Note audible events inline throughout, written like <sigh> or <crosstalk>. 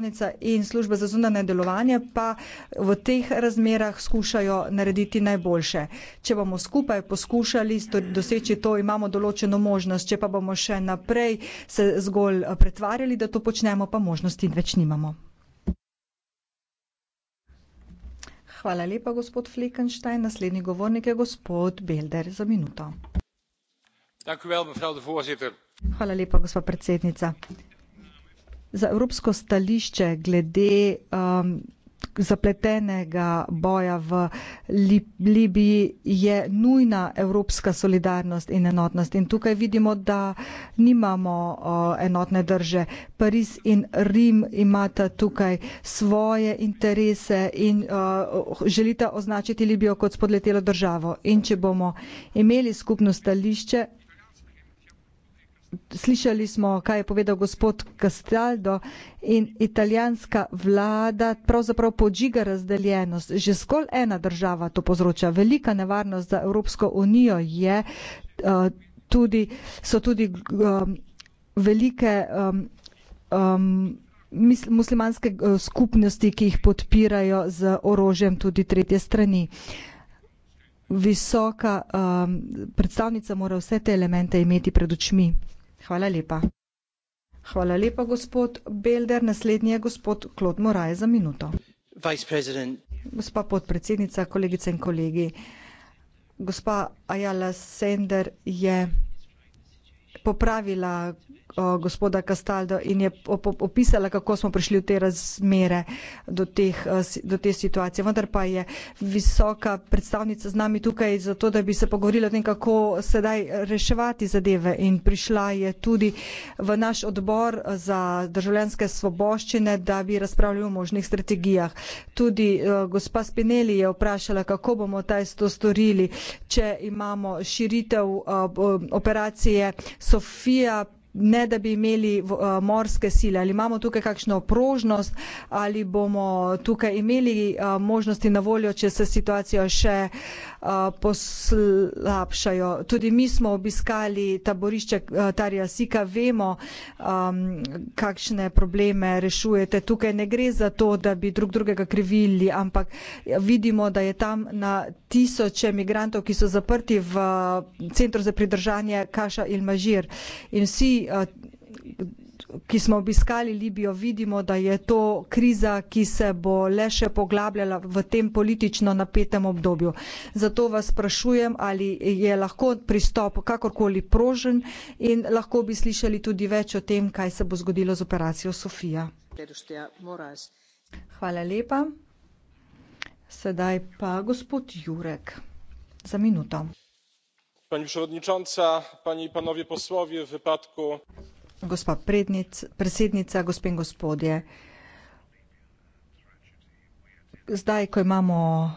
predstavnica in služba za zunanje delovanje pa v teh razmerah skušajo narediti najboljše. Če bomo skupaj poskušali doseči to, imamo določeno možnost. Če pa bomo še naprej se zgolj pretvarjali, da to počnemo, pa možnosti več nimamo. Hvala lepa, gospod Flekenštajn. Naslednji govornik je gospod Belder za minuto. Hvala lepa, gospa predsednica za evropsko stališče glede um, zapletenega boja v Lib Libiji je nujna evropska solidarnost in enotnost. In tukaj vidimo, da nimamo o, enotne drže. Pariz in Rim imata tukaj svoje interese in o, želita označiti Libijo kot spodletelo državo. In če bomo imeli skupno stališče, slišali smo, kaj je povedal gospod Castaldo in italijanska vlada pravzaprav podžiga razdeljenost. Že skolj ena država to povzroča. Velika nevarnost za Evropsko unijo je, eh, tudi, so tudi um, velike um, um, muslimanske skupnosti, ki jih podpirajo z orožjem tudi tretje strani. Visoka um, predstavnica mora vse te elemente imeti pred očmi. Hvala lepa. Hvala lepa, gospod Belder. Naslednji je gospod Klod Moraj za minuto. Gospa podpredsednica, kolegice in kolegi. Gospa Ajala Sender je popravila gospoda Castaldo in je opisala, kako smo prišli v te razmere, do, teh, do te situacije. Vendar pa je visoka predstavnica z nami tukaj zato, da bi se pogovorila o tem, kako sedaj reševati zadeve. In prišla je tudi v naš odbor za državljanske svoboščine, da bi razpravljali o možnih strategijah. Tudi gospa Spinelli je vprašala, kako bomo taj to storili, če imamo širitev operacije Sofija ne da bi imeli eh, morske sile, ali imamo tukaj kakšno prožnost, ali bomo tukaj imeli eh, možnosti na voljo, če se situacija še uh, Eh, poslabšajo. Tudi mi smo obiskali taborišče eh, Tarja Sika, vemo, um, kakšne probleme rešujete. Tukaj ne gre za to, da bi drug drugega krivili, ampak vidimo, da je tam na tisoče migrantov, ki so zaprti v eh, centru za pridržanje Kaša Ilmažir. In vsi uh, ki smo obiskali Libijo, vidimo, da je to kriza, ki se bo le še poglabljala v tem politično napetem obdobju. Zato vas sprašujem, ali je lahko pristop kakorkoli prožen in lahko bi slišali tudi več o tem, kaj se bo zgodilo z operacijo Sofija. Hvala lepa. Sedaj pa gospod Jurek za minuto. Pani przewodnicząca, panie i panowie posłowie, w wypadku gospa prednic, predsednica, gospe in gospodje. Zdaj, ko imamo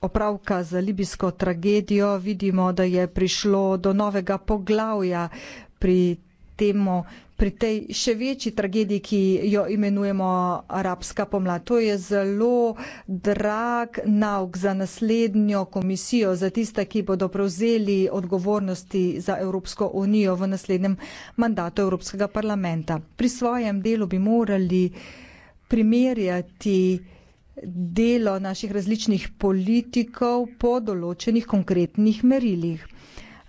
opravka za libijsko tragedijo, vidimo, da je prišlo do novega poglavja pri tem, temo, pri tej še večji tragediji, ki jo imenujemo arabska pomlad. To je zelo drag nauk za naslednjo komisijo, za tiste, ki bodo prevzeli odgovornosti za Evropsko unijo v naslednjem mandatu Evropskega parlamenta. Pri svojem delu bi morali primerjati delo naših različnih politikov po določenih konkretnih merilih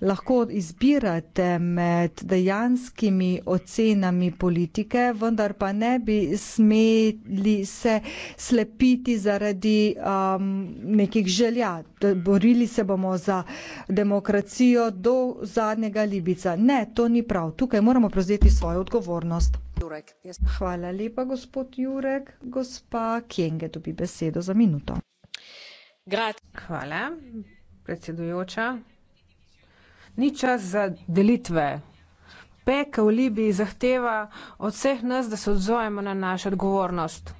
lahko izbirate med dejanskimi ocenami politike, vendar pa ne bi smeli se slepiti zaradi um, nekih želja. Borili se bomo za demokracijo do zadnjega Libica. Ne, to ni prav. Tukaj moramo prevzeti svojo odgovornost. Jurek, jaz... Hvala lepa, gospod Jurek. Gospa Kenge dobi besedo za minuto. Grat. Hvala, predsedujoča ni čas za delitve. Pek v Libiji zahteva od vseh nas, da se odzovemo na našo odgovornost.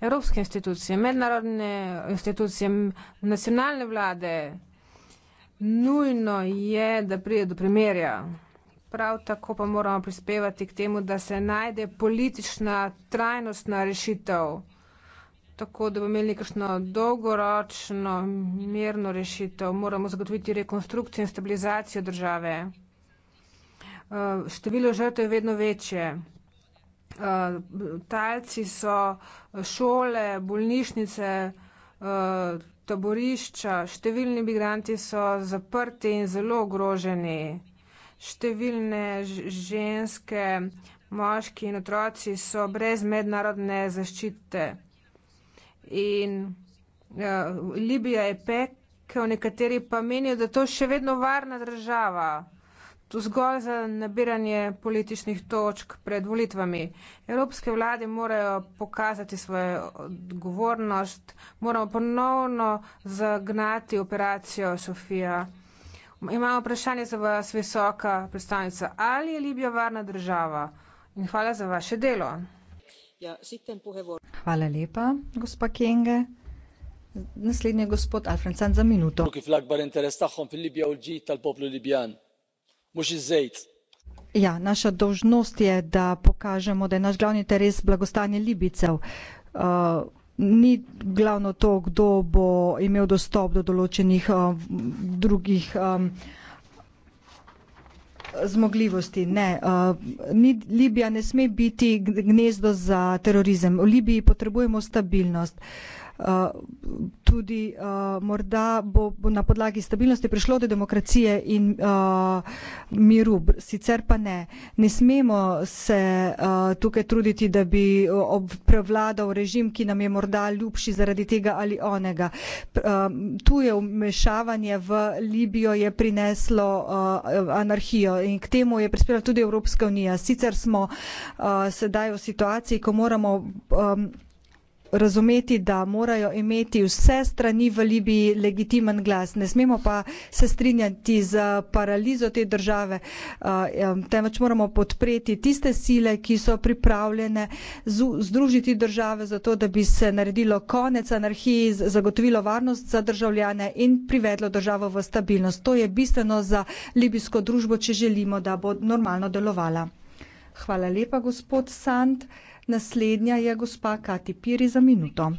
Evropske institucije, mednarodne institucije, nacionalne vlade, nujno je, da prije do primerja. Prav tako pa moramo prispevati k temu, da se najde politična trajnostna rešitev tako da bomo imeli nekakšno dolgoročno mirno rešitev. Moramo zagotoviti rekonstrukcijo in stabilizacijo države. Uh, število žrtev je vedno večje. Uh, talci so uh, šole, bolnišnice, taborišča, številni migranti so zaprti in zelo ogroženi. Številne ženske, moški in otroci so brez mednarodne zaščite in ja, Libija je pekel, nekateri pa menijo, da to še vedno varna država. To zgolj za nabiranje političnih točk pred volitvami. Evropske vlade morajo pokazati svojo odgovornost, moramo ponovno zagnati operacijo Sofija. Imamo vprašanje za vas, visoka predstavnica, ali je Libija varna država? In hvala za vaše delo. Ja, Hvala lepa, gospa Kenge. Naslednji je gospod Alfred Sant za minuto. Ja, naša dožnost je, da pokažemo, da je naš glavni interes blagostanje Libicev. Uh, ni glavno to, kdo bo imel dostop do določenih uh, drugih um, zmogljivosti. Ne, uh, ni, Libija ne sme biti gnezdo za terorizem. V Libiji potrebujemo stabilnost. Uh, Eh, tudi uh, morda bo, bo na podlagi stabilnosti prišlo do demokracije in uh, miru, sicer pa ne. Ne smemo se uh, tukaj truditi, da bi prevladal režim, ki nam je morda ljubši zaradi tega ali onega. Um, tu je vmešavanje v Libijo je prineslo uh, anarhijo in k temu je prispela tudi Evropska unija. Sicer smo uh, sedaj v situaciji, ko moramo. Um, razumeti, da morajo imeti vse strani v Libiji legitimen glas. Ne smemo pa se strinjati z paralizo te države, eh, temveč moramo podpreti tiste sile, ki so pripravljene združiti države zato, da bi se naredilo konec anarhiji, zagotovilo varnost za državljane in privedlo državo v stabilnost. To je bistveno za libijsko družbo, če želimo, da bo normalno delovala. Hvala lepa, gospod Sand. Naslednja je gospa Kati Piri za minuto.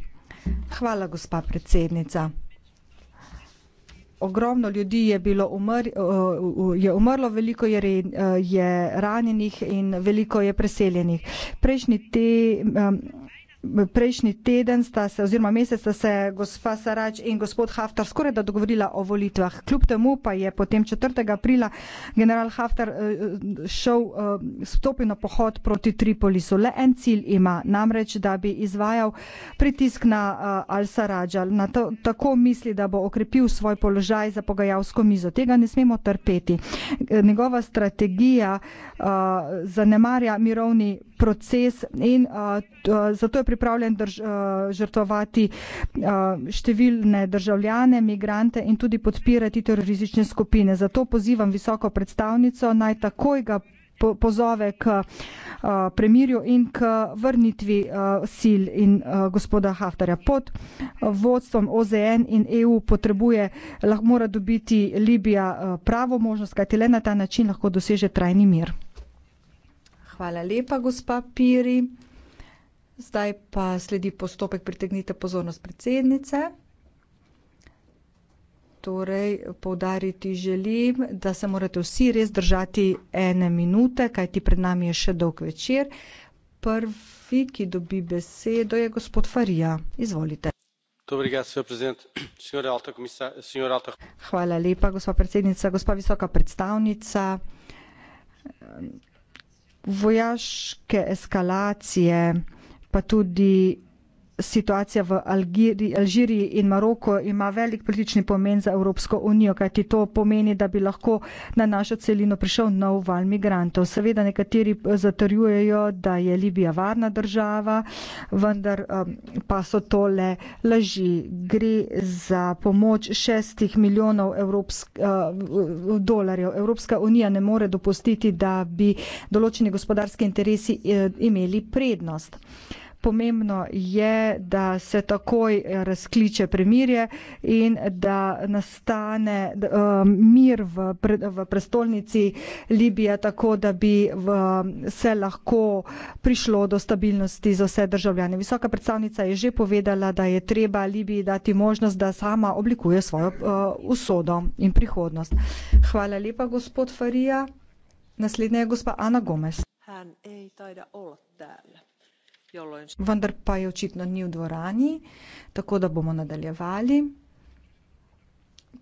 Hvala, gospa predsednica. Ogromno ljudi je bilo umr, eh, je umrlo, veliko je, re, eh, je ranjenih in veliko je preseljenih. Prejšnji te um, Prejšnji teden sta se, oziroma mesec sta se gospa Sarač in gospod Haftar skoraj da dogovorila o volitvah. Kljub temu pa je potem 4. aprila general Haftar eh, šel eh, stopil na pohod proti Tripolisu. Le en cilj ima, namreč, da bi izvajal pritisk na eh, Al-Sarač. Al tako misli, da bo okrepil svoj položaj za pogajalsko mizo. Tega ne smemo trpeti. Njegova strategija zanemarja mirovni proces in zato je pripravljen žrtvovati številne državljane, migrante in tudi podpirati teroristične skupine. Zato pozivam visoko predstavnico naj takoj ga pozove k premirju in k vrnitvi sil in gospoda Haftarja. Pod vodstvom OZN in EU potrebuje, lahko mora dobiti Libija pravo možnost, kajti le na ta način lahko doseže trajni mir. Hvala lepa, gospa Piri. Zdaj pa sledi postopek pritegnite pozornost predsednice. Torej, poudariti želim, da se morate vsi res držati ene minute, kajti pred nami je še dolg večer. Prvi, ki dobi besedo, je gospod Farija. Izvolite. Hvala lepa, gospa predsednica. Gospa visoka predstavnica, vojaške eskalacije, pa tudi situacija v Algiri, Alžiriji in Maroku ima velik politični pomen za Evropsko unijo, kajti to pomeni, da bi lahko na našo celino prišel nov val migrantov. Seveda nekateri eh, zatrjujejo, da je Libija varna država, vendar eh, pa so tole laži. Gre za pomoč šestih milijonov evropsk, eh, dolarjev. Evropska unija ne more dopustiti, da bi določeni gospodarski interesi eh, imeli prednost pomembno je, da se takoj razkliče premirje in da nastane eh, mir v, pre, v prestolnici Libije, tako da bi v, se lahko prišlo do stabilnosti za vse državljane. Visoka predstavnica je že povedala, da je treba Libiji dati možnost, da sama oblikuje svojo uh, usodo in prihodnost. Hvala lepa, gospod Farija. Naslednja je gospa Ana Gomez. Hän ei taida olla täällä. Vendar pa je očitno ni v dvorani, tako da bomo nadaljevali.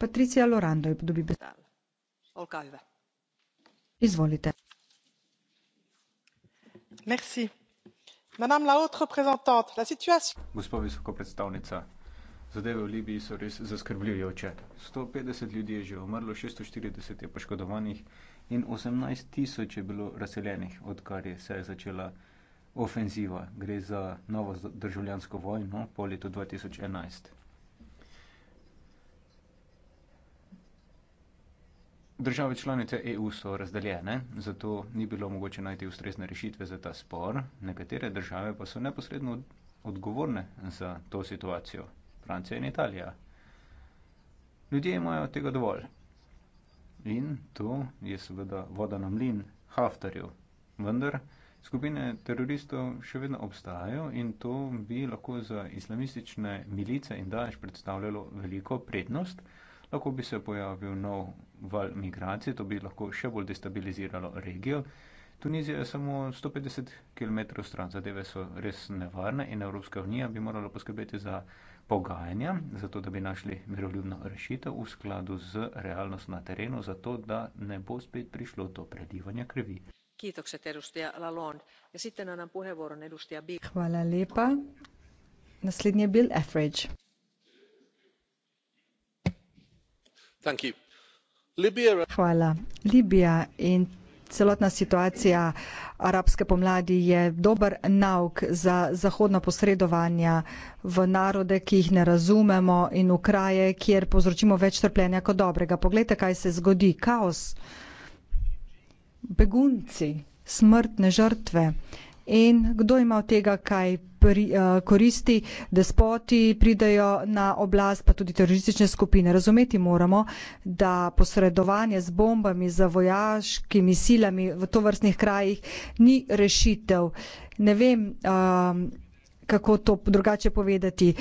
Patricija Lorando je dobi besedo. Izvolite. Merci. Madame la haute représentante, la situation... Gospa visoko predstavnica, zadeve v Libiji so res zaskrbljujoče. 150 ljudi je že umrlo, 640 je poškodovanih in 18 tisoč je bilo razseljenih, odkar je se začela ofenziva. Gre za novo državljansko vojno po letu 2011. Države članice EU so razdeljene, zato ni bilo mogoče najti ustrezne rešitve za ta spor. Nekatere države pa so neposredno odgovorne za to situacijo. Francija in Italija. Ljudje imajo tega dovolj. In to je seveda voda na mlin Haftarju. Vendar skupine teroristov še vedno obstajajo in to bi lahko za islamistične milice in daješ predstavljalo veliko prednost. Lahko bi se pojavil nov val migracije, to bi lahko še bolj destabiliziralo regijo. Tunizija je samo 150 km stran, zadeve so res nevarne in Evropska unija bi morala poskrbeti za pogajanja, zato da bi našli miroljubno rešitev v skladu z realnost na terenu, zato da ne bo spet prišlo to predivanje krvi. Ja Hvala lepa. Naslednji je Bill Average. Hvala. Libija in celotna situacija arabske pomladi je dober nauk za zahodna posredovanja v narode, ki jih ne razumemo in v kraje, kjer povzročimo več trpljenja kot dobrega. Poglejte, kaj se zgodi. Kaos begunci, smrtne žrtve. In kdo ima od tega kaj pri, uh, koristi, da spoti pridajo na oblast, pa tudi teroristične skupine. Razumeti moramo, da posredovanje z bombami, z vojaškimi silami v tovrstnih krajih ni rešitev. Ne vem. Uh, kako to drugače povedati.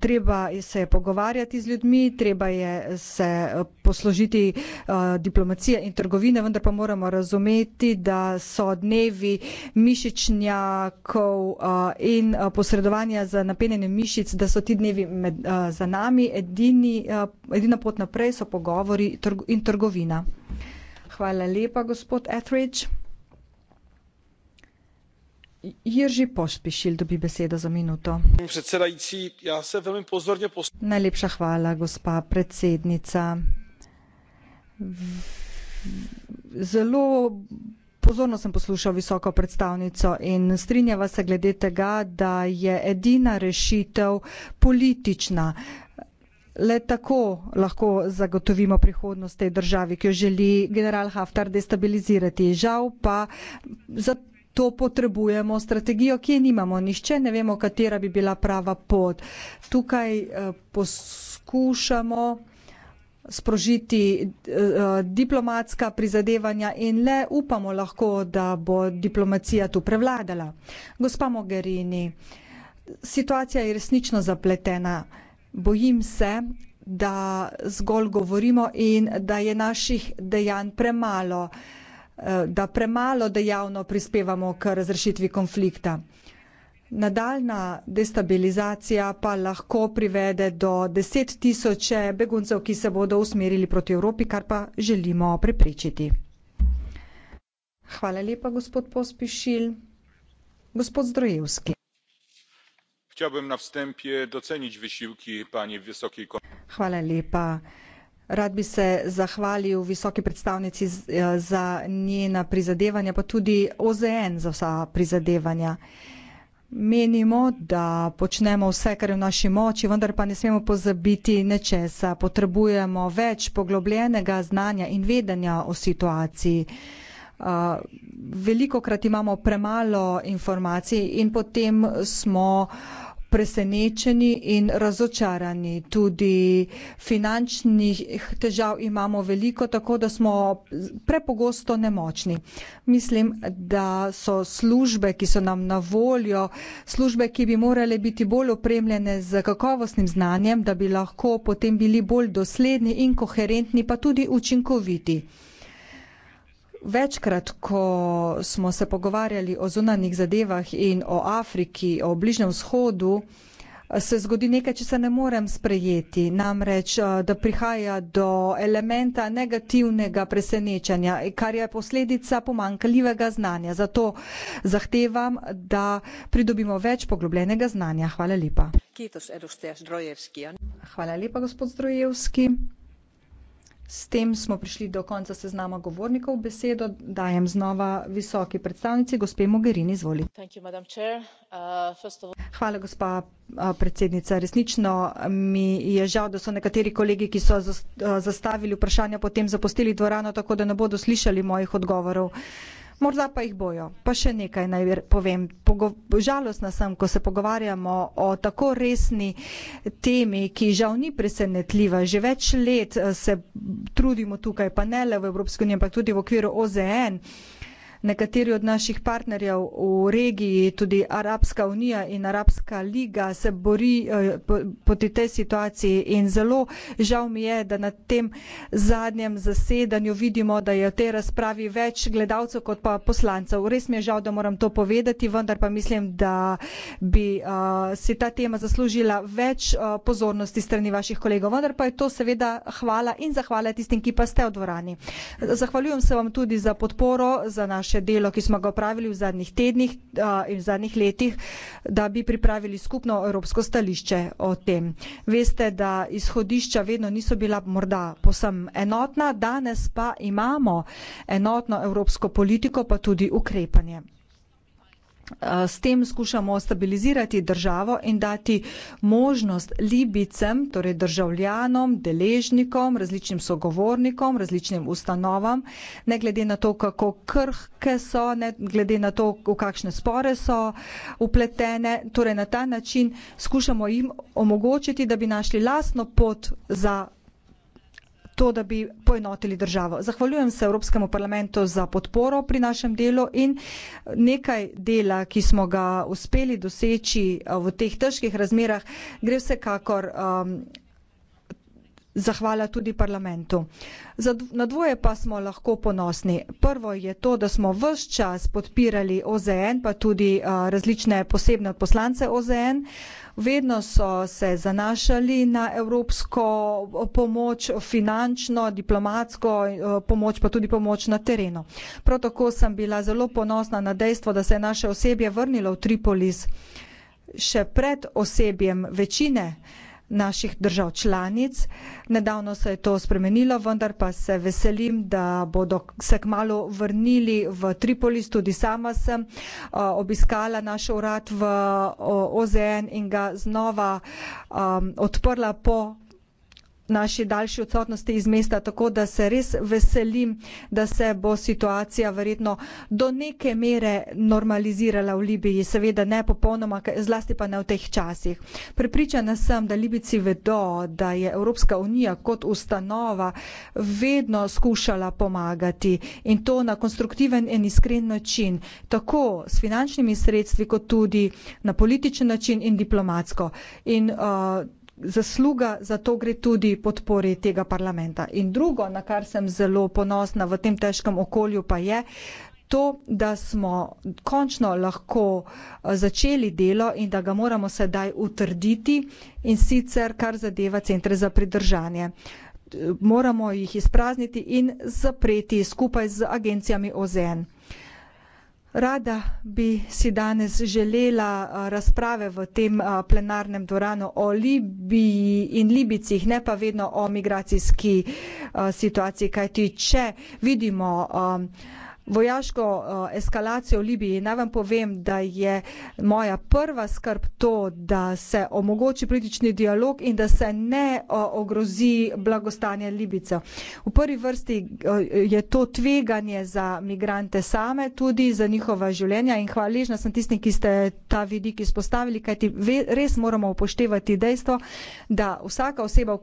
Treba se pogovarjati z ljudmi, treba je se poslužiti eh, diplomacije in trgovine, vendar pa moramo razumeti, da so dnevi mišičnjakov eh, in eh, posredovanja za napenjene mišic, da so ti dnevi med, za nami. Edini, edina pot naprej so pogovori in trgovina. Hvala lepa, gospod Etheridge. Jiří Pospíšil dobí besedo za minuto. Predsedajíci, já se velmi pozorně poslouchám. Najlepša hvala, gospa predsednica. Zelo pozorno sem poslušal visoko predstavnico in strinjava se glede tega, da je edina rešitev politična. Le tako lahko zagotovimo prihodnost tej državi, ki jo želi general Haftar destabilizirati. Žal pa za to potrebujemo strategijo, ki je nimamo. Nihče ne vemo, katera bi bila prava pot. Tukaj eh, poskušamo sprožiti eh, diplomatska prizadevanja in le upamo lahko, da bo diplomacija tu prevladala. Gospa Mogherini, situacija je resnično zapletena. Bojim se, da zgolj govorimo in da je naših dejanj premalo. Eh, da premalo dejavno prispevamo k razrešitvi konflikta. Nadaljna destabilizacija pa lahko privede do deset tisoče beguncev, ki se bodo usmerili proti Evropi, kar pa želimo preprečiti. Hvala lepa, gospod Pospišil. Gospod Zdrojevski. Hvala lepa. Rad bi se zahvalil visoki predstavnici eh, za njena prizadevanja, pa tudi OZN za vsa prizadevanja. Menimo, da počnemo vse, kar je v naši moči, vendar pa ne smemo pozabiti nečesa. Potrebujemo več poglobljenega znanja in vedenja o situaciji. Eh, Veliko krat imamo premalo informacij in potem smo presenečeni in razočarani. Tudi finančnih težav imamo veliko, tako da smo prepogosto nemočni. Mislim, da so službe, ki so nam na voljo, službe, ki bi morale biti bolj opremljene z kakovostnim znanjem, da bi lahko potem bili bolj dosledni in koherentni, pa tudi učinkoviti večkrat, ko smo se pogovarjali o zunanjih zadevah in o Afriki, o Bližnjem vzhodu, se zgodi nekaj, če se ne morem sprejeti. Namreč, eh, da prihaja do elementa negativnega presenečanja, kar je posledica pomankljivega znanja. Zato zahtevam, da pridobimo več poglobljenega znanja. Hvala lepa. Hvala lepa, gospod Zdrojevski. S tem smo prišli do konca seznama govornikov. Besedo dajem znova visoki predstavnici, gospe Mogherini, izvoli. Uh, Hvala, gospa uh, predsednica. Resnično mi je žal, da so nekateri kolegi, ki so uh, zastavili vprašanja, potem zapustili dvorano, tako da ne bodo slišali mojih odgovorov. Morda pa jih bojo. Pa še nekaj naj povem. Pogo žalostna sem, ko se pogovarjamo o tako resni temi, ki žal ni presenetljiva. Že več let eh, se trudimo tukaj, pa ne le v Evropski uniji, ampak tudi v okviru OZN nekateri od naših partnerjev v regiji tudi arabska unija in arabska liga se bori eh, proti tej situaciji in zelo žal mi je da na tem zadnjem zasedanju vidimo da je v tej razpravi več gledalcev kot pa poslancev res mi je žal da moram to povedati vendar pa mislim da bi eh, si ta tema zaslužila več eh, pozornosti s strani vaših kolegov vendar pa je to seveda hvala in zahvala tistim ki pa ste v dvorani zahvaljujem se vam tudi za podporo za naš naše delo, ki smo ga opravili v zadnjih tednih in v zadnjih letih, da bi pripravili skupno evropsko stališče o tem. Veste, da izhodišča vedno niso bila morda posem enotna, danes pa imamo enotno evropsko politiko, pa tudi ukrepanje. Eh, s tem skušamo stabilizirati državo in dati možnost libicem, torej državljanom, deležnikom, različnim sogovornikom, različnim ustanovam, ne glede na to, kako krhke so, ne glede na to, v kakšne spore so upletene. Torej na ta način skušamo jim omogočiti, da bi našli lastno pot za to, da bi poenotili državo. Zahvaljujem se Evropskemu parlamentu za podporo pri našem delu in nekaj dela, ki smo ga uspeli doseči eh, v teh težkih razmerah, gre vsekakor um, zahvala tudi parlamentu. Na dvoje pa smo lahko ponosni. Prvo je to, da smo vse čas podpirali OZN, pa tudi uh, različne posebne poslance OZN. Uh, vedno so se zanašali na evropsko pomoč finančno diplomatsko eh, pomoč pa tudi pomoč na terenu. prav tako sem bila zelo ponosna na dejstvo da se je naše osebje vrnilo v tripolis še pred osebjem večine naših držav članic. Nedavno se je to spremenilo, vendar pa se veselim, da bodo se kmalo vrnili v Tripolis. Tudi sama sem obiskala naš urad v OZN in ga znova odprla po naši daljši odsotnosti iz mesta, tako da se res veselim, da se bo situacija verjetno do neke mere normalizirala v Libiji, seveda ne popolnoma, zlasti pa ne v teh časih. Pripričana sem, da Libici vedo, da je Evropska unija kot ustanova vedno skušala pomagati in to na konstruktiven in iskren način, tako s finančnimi sredstvi kot tudi na političen način in diplomatsko. In, uh, zasluga, zato gre tudi podpori tega parlamenta. In drugo, na kar sem zelo ponosna v tem težkem okolju, pa je to, da smo končno lahko eh, začeli delo in da ga moramo sedaj utrditi in sicer kar zadeva centre za pridržanje. Moramo jih izprazniti in zapreti skupaj z agencijami OZN. Rada bi si danes želela razprave v tem plenarnem dvorano o Libiji in Libicih, ne pa vedno o migracijski situaciji, kajti če vidimo vojaško eskalacijo v Libiji. Naj vam povem, da je moja prva skrb to, da se omogoči politični dialog in da se ne ogrozi blagostanje Libica. V prvi vrsti je to tveganje za migrante same, tudi za njihova življenja in hvaležna sem tistim, ki ste ta vidik izpostavili, kajti res moramo upoštevati dejstvo, da vsaka oseba,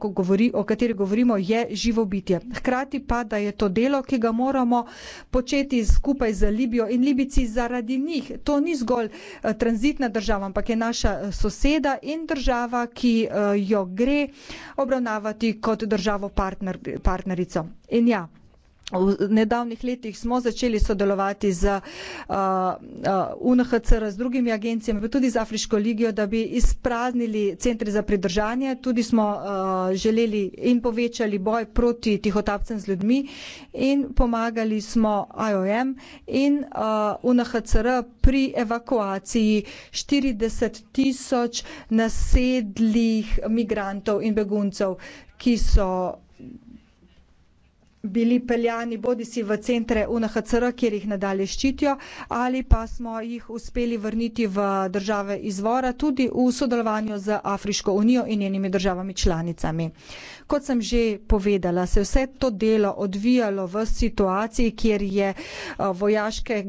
o kateri govorimo, je živo bitje. Hkrati pa, da je to delo, ki ga moramo početi biti skupaj z Libijo in Libici zaradi njih. To ni zgolj eh, tranzitna država, ampak je naša eh, soseda in država, ki eh, jo gre obravnavati kot državo partner, partnerico. In ja, v nedavnih letih smo začeli sodelovati z uh, uh, UNHCR, z drugimi agencijami, pa tudi z Afriško ligijo, da bi izpraznili centre za pridržanje. Tudi smo uh, želeli in povečali boj proti tihotapcem z ljudmi in pomagali smo IOM in UNHCR pri evakuaciji 40 tisoč nasedlih migrantov in beguncev, ki so bili peljani bodi si v centre UNHCR, kjer jih nadalje ščitijo, ali pa smo jih uspeli vrniti v države izvora, tudi v sodelovanju z Afriško unijo in njenimi državami članicami. Kot sem že povedala, se je vse to delo odvijalo v situaciji, kjer je eh, vojaške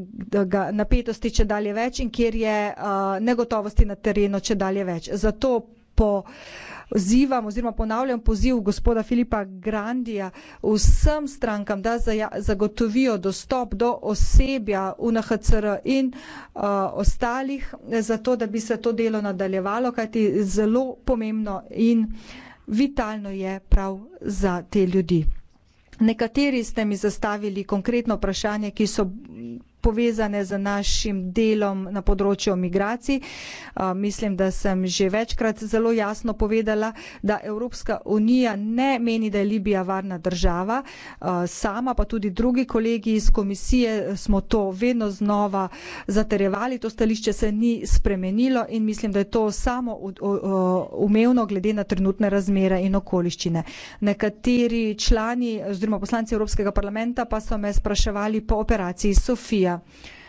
napetosti če dalje več in kjer je eh, negotovosti na terenu če dalje več. Zato po uh, pozivam oziroma ponavljam poziv gospoda Filipa Grandija vsem strankam, da zagotovijo dostop do osebja UNHCR in uh, ostalih, zato da bi se to delo nadaljevalo, kajti zelo pomembno in vitalno je prav za te ljudi. Nekateri ste mi zastavili konkretno vprašanje, ki so povezane z našim delom na področju migracij. Mislim, da sem že večkrat zelo jasno povedala, da Evropska unija ne meni, da je Libija varna država. Sama pa tudi drugi kolegi iz komisije smo to vedno znova zaterjevali, to stališče se ni spremenilo in mislim, da je to samo umevno glede na trenutne razmere in okoliščine. Nekateri člani oziroma poslanci Evropskega parlamenta pa so me spraševali po operaciji Sofija. Slovenija.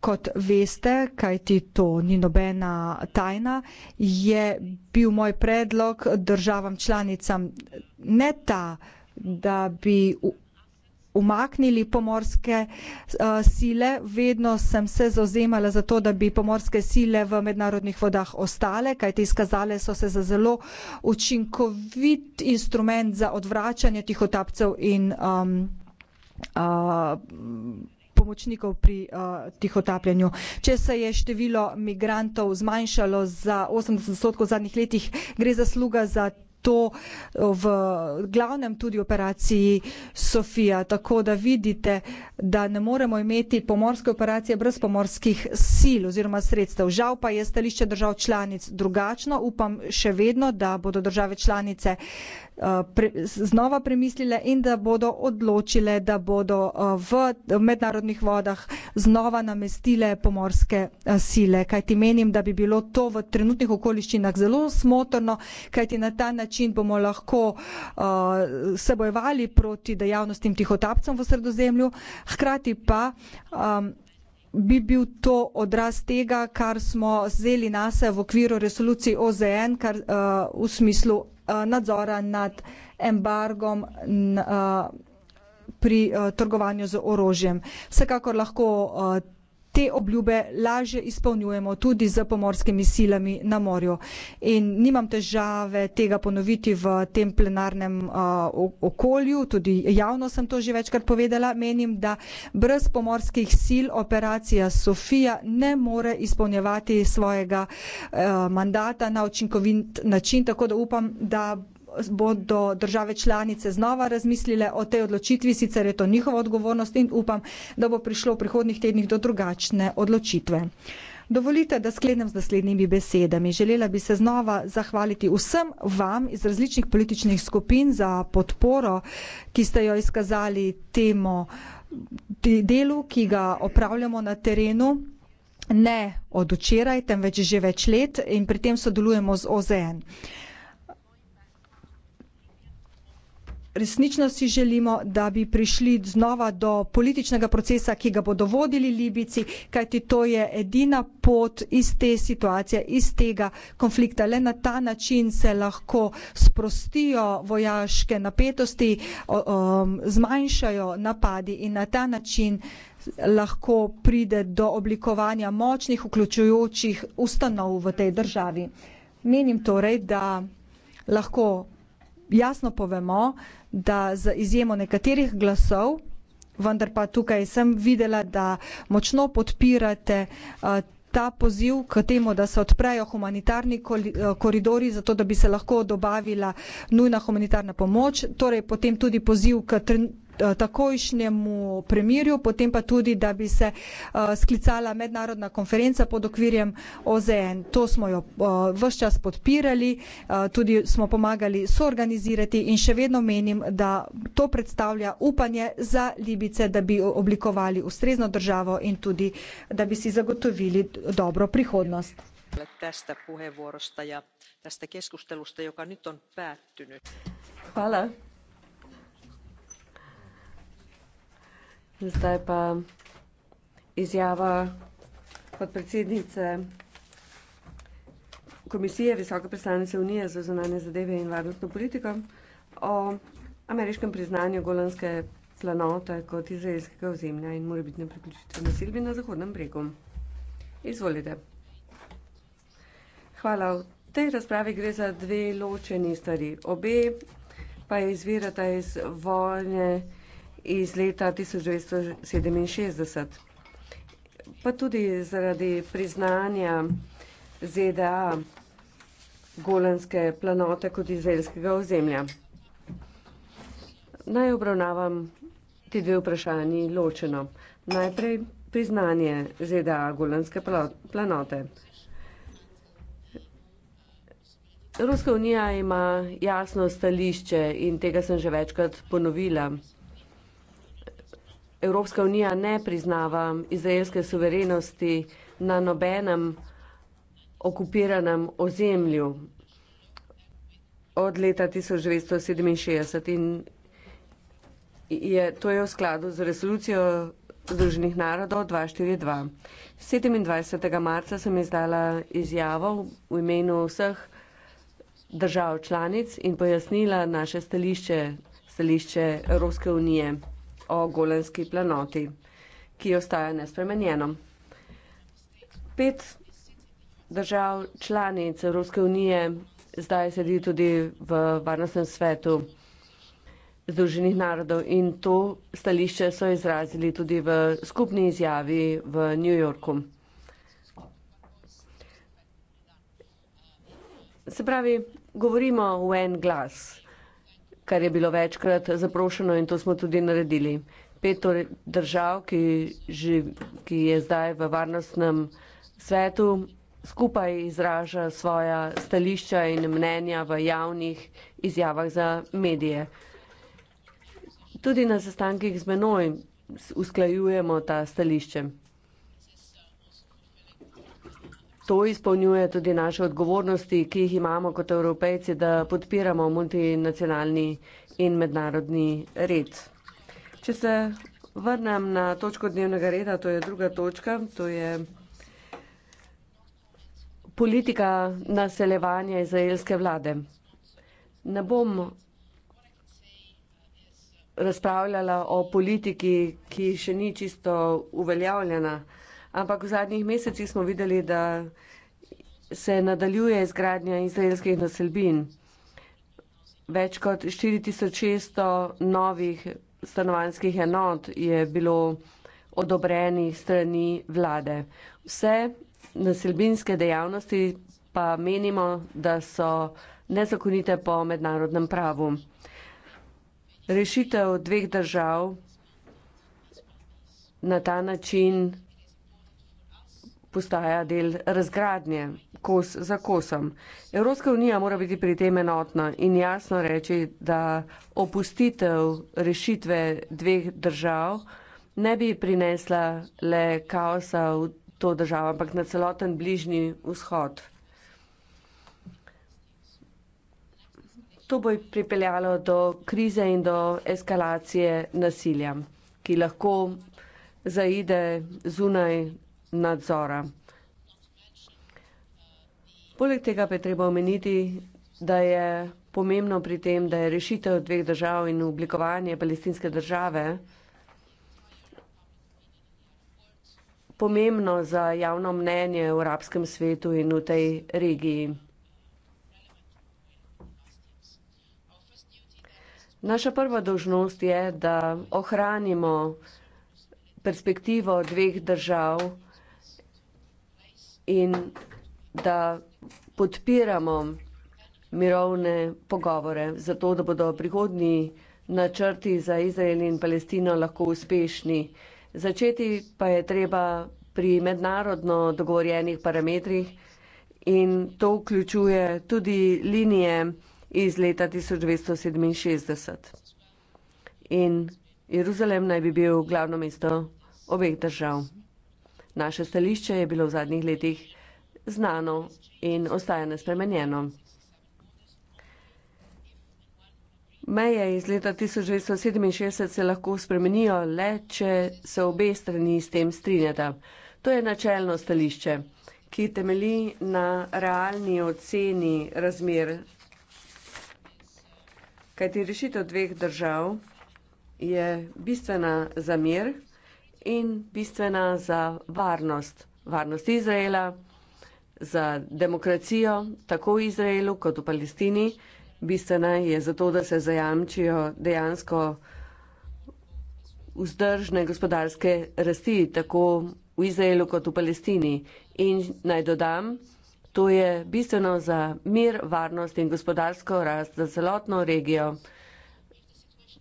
Kot veste, kajti to ni nobena tajna, je bil moj predlog državam članicam ne ta, da bi umaknili pomorske eh, sile. Vedno sem se zauzemala za to, da bi pomorske sile v mednarodnih vodah ostale, kajti izkazale so se za zelo učinkovit instrument za odvračanje tihotapcev in um, uh, pomočnikov pri uh, tihotapljenju. Če se je število migrantov zmanjšalo za 80 odstotkov v zadnjih letih, gre zasluga za to eh, v glavnem tudi operaciji Sofija. Tako da vidite, da ne moremo imeti pomorske operacije brez pomorskih sil oziroma sredstev. Žal pa je stališče držav članic drugačno. Upam še vedno, da bodo države članice Eh, pre, znova premislile in da bodo odločile, da bodo eh, v mednarodnih vodah znova namestile pomorske eh, sile. Kajti menim, da bi bilo to v trenutnih okoliščinah zelo smotrno, kajti na ta način bomo lahko uh, se bojevali proti dejavnostim tihotapcem v sredozemlju, hkrati pa. Um, bi bil to odraz tega, kar smo zeli nase v okviru resolucij OZN, kar uh, v smislu Eh, nadzora nad embargom eh, pri eh, trgovanju z orožjem. Vsekakor lahko te obljube lažje izpolnjujemo tudi z pomorskimi silami na morju. In nimam težave tega ponoviti v tem plenarnem uh, okolju, tudi javno sem to že večkrat povedala. Menim, da brez pomorskih sil operacija Sofija ne more izpolnjevati svojega uh, mandata na učinkovit način, tako da upam, da bodo države članice znova razmislile o tej odločitvi, sicer je to njihova odgovornost in upam, da bo prišlo v prihodnih tednih do drugačne odločitve. Dovolite, da sklenem z naslednjimi besedami. Želela bi se znova zahvaliti vsem vam iz različnih političnih skupin za podporo, ki ste jo izkazali temu delu, ki ga opravljamo na terenu. Ne od včeraj, temveč že več let in pri tem sodelujemo z OZN. Uh, resnično si želimo, da bi prišli znova do političnega procesa, ki ga bodo vodili Libici, kajti to je edina pot iz te situacije, iz tega konflikta. Le na ta način se lahko sprostijo vojaške napetosti, zmanjšajo napadi in na ta način lahko pride do oblikovanja močnih, vključujočih ustanov v tej državi. Menim torej, da lahko jasno povemo, da z izjemo nekaterih glasov, vendar pa tukaj sem videla, da močno podpirate eh, ta poziv k temu, da se odprejo humanitarni eh, koridori, zato da bi se lahko dobavila nujna humanitarna pomoč, torej potem tudi poziv k trenutnemu Eh, takojšnjemu premirju, potem pa tudi, da bi se eh, sklicala mednarodna konferenca pod okvirjem OZN. To smo jo eh, vse čas podpirali, tudi smo pomagali soorganizirati in še vedno menim, da to predstavlja upanje za Libice, da bi oblikovali ustrezno državo in tudi, da bi si zagotovili dobro prihodnost. Ja Hvala. Zdaj pa izjava podpredsednice Komisije Visoke predstavnice Unije za zunanje zadeve in varnostno politiko o ameriškem priznanju golanske planote kot izraelskega ozemlja in morebitne priključitve nasilbi na Zahodnem bregu. Izvolite. Hvala. V tej razpravi gre za dve ločeni stvari. Obe pa izvirata iz vojne iz leta 1967. Pa tudi zaradi priznanja ZDA golanske planote kot izraelskega ozemlja. Naj obravnavam ti dve vprašanji ločeno. Najprej priznanje ZDA golanske planote. Ruska unija ima jasno stališče in tega sem že večkrat ponovila. Evropska unija ne priznava izraelske suverenosti na nobenem okupiranem ozemlju od leta 1967 in je, to je v skladu z resolucijo Združenih narodov 242. 27. marca sem izdala izjavo v imenu vseh držav članic in pojasnila naše stališče, stališče Evropske unije o golenski planoti, ki ostaja nespremenjeno. Pet držav članic Evropske unije zdaj sedi tudi v varnostnem svetu Združenih narodov in to stališče so izrazili tudi v skupni izjavi v New Yorku. Se pravi, govorimo v en glas kar je bilo večkrat zaprošeno in to smo tudi naredili. Pet torej držav, ki, že, ki je zdaj v varnostnem svetu, skupaj izraža svoja stališča in mnenja v javnih izjavah za medije. Tudi na sestankih z menoj usklajujemo ta stališče. To izpolnjuje tudi naše odgovornosti, ki jih imamo kot evropejci, da podpiramo multinacionalni in mednarodni red. Če se vrnem na točko dnevnega reda, to je druga točka, to je politika naseljevanja izraelske vlade. Ne bom razpravljala o politiki, ki še ni čisto uveljavljena. Ampak v zadnjih mesecih smo videli, da se nadaljuje izgradnja izraelskih naselbin. Več kot 4600 novih stanovanskih enot je bilo odobrenih strani vlade. Vse naselbinske dejavnosti pa menimo, da so nezakonite po mednarodnem pravu. Rešitev dveh držav na ta način postaja del razgradnje, kos za kosom. Evropska unija mora biti pri tem enotna in jasno reči, da opustitev rešitve dveh držav ne bi prinesla le kaosa v to državo, ampak na celoten bližnji vzhod. To bo pripeljalo do krize in do eskalacije nasilja, ki lahko zaide zunaj nadzora. Poleg tega pa je treba omeniti, da je pomembno pri tem, da je rešitev dveh držav in oblikovanje palestinske države pomembno za javno mnenje v arabskem svetu in v tej regiji. Naša prva dožnost je, da ohranimo perspektivo dveh držav in da podpiramo mirovne pogovore, zato da bodo prihodnji načrti za Izrael in Palestino lahko uspešni. Začeti pa je treba pri mednarodno dogovorjenih parametrih in to vključuje tudi linije iz leta 1967. In Jeruzalem naj bi bil glavno mesto obeh držav. Naše stališče je bilo v zadnjih letih znano in ostaja nespremenjeno. Meje iz leta 1967 se lahko spremenijo le, če se obe strani s tem strinjata. To je načelno stališče, ki temeli na realni oceni razmer. Kajti rešitev dveh držav je bistvena za mir in bistvena za varnost. Varnost Izraela, za demokracijo, tako v Izraelu kot v Palestini, bistvena je zato, da se zajamčijo dejansko vzdržne gospodarske rasti, tako v Izraelu kot v Palestini. In naj dodam, to je bistveno za mir, varnost in gospodarsko rast za celotno regijo